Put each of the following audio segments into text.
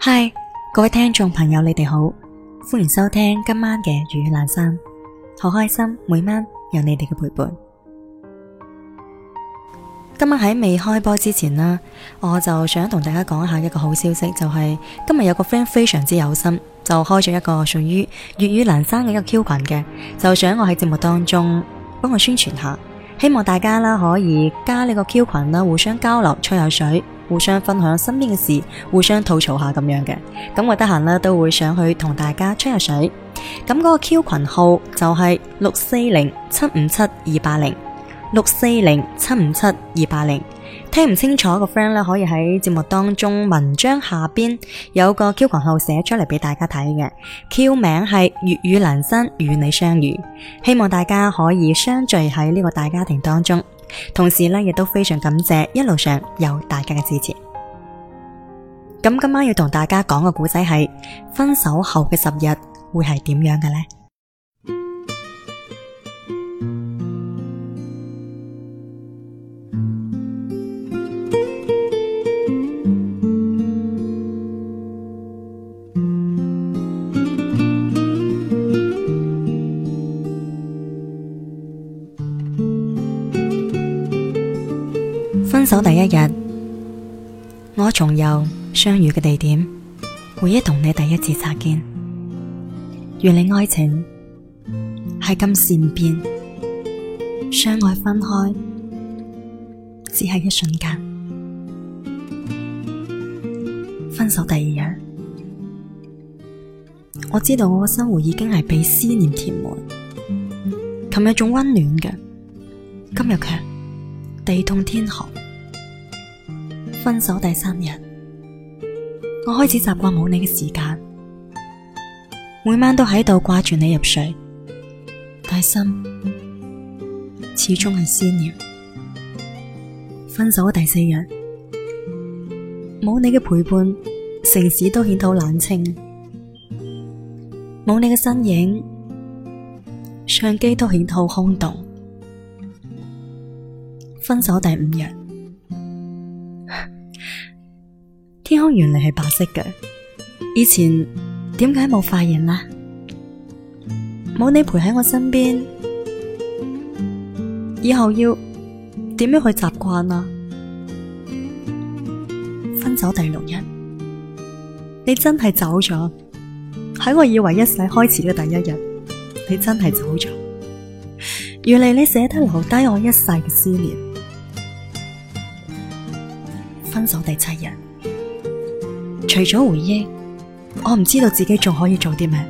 嗨，Hi, 各位聽眾朋友，你哋好，歡迎收聽今晚嘅粵語闌珊，好開心每晚有你哋嘅陪伴。今晚喺未開播之前啦，我就想同大家講一下一個好消息，就係、是、今日有個 friend 非常之有心，就開咗一個屬於粵語闌珊嘅一個 Q 群嘅，就想我喺節目當中幫我宣傳下。希望大家啦可以加呢個 Q 群啦，互相交流吹下水，互相分享身邊嘅事，互相吐槽下咁樣嘅，咁我得閒啦都會上去同大家吹下水。咁嗰個 Q 群號就係六四零七五七二八零。六四零七五七二八零，80, 聽唔清楚個 friend 咧，可以喺節目當中文章下邊有個 Q 群號寫出嚟俾大家睇嘅。Q 名係粵語男生，與你相遇，希望大家可以相聚喺呢個大家庭當中。同時呢，亦都非常感謝一路上有大家嘅支持。咁今晚要同大家講嘅故仔係分手後嘅十日會係點樣嘅呢？分手第一日，我重遊相遇嘅地點，回憶同你第一次擦肩。原嚟愛情係咁善變，相愛分開只係一瞬間。分手第二日，我知道我嘅生活已經係被思念填滿，琴日仲温暖嘅，今日卻地凍天寒。分手第三日，我開始習慣冇你嘅時間，每晚都喺度掛住你入睡。但心始終係思念。分手第四日，冇你嘅陪伴，城市都顯到冷清；冇你嘅身影，相機都顯到空洞。分手第五日。天空原來係白色嘅，以前點解冇發現呢？冇你陪喺我身邊，以後要點樣去習慣啊？分手第六日，你真係走咗，喺我以為一世開始嘅第一日，你真係走咗。原嚟你捨得留低我一世嘅思念。分手第七日。除咗回憶，我唔知道自己仲可以做啲咩。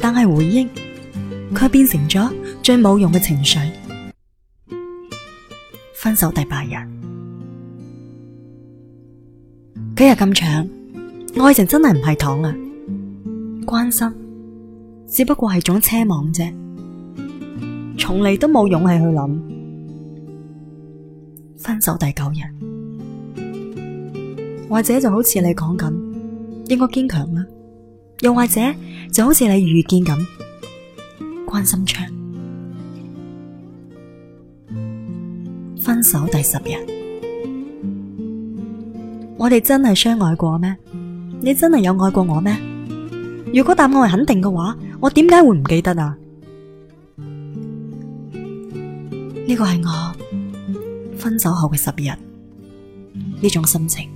但係回憶，佢變成咗最冇用嘅情緒。分手第八日，幾日咁長，愛情真係唔係糖啊！關心只不過係種奢望啫，從嚟都冇勇氣去諗。分手第九日。或者就好似你講緊，應該堅強啦；又或者就好似你預見咁，關心窗。分手第十日，我哋真係相愛過咩？你真係有愛過我咩？如果答案係肯定嘅話，我點解會唔記得啊？呢個係我分手後嘅十日，呢種心情。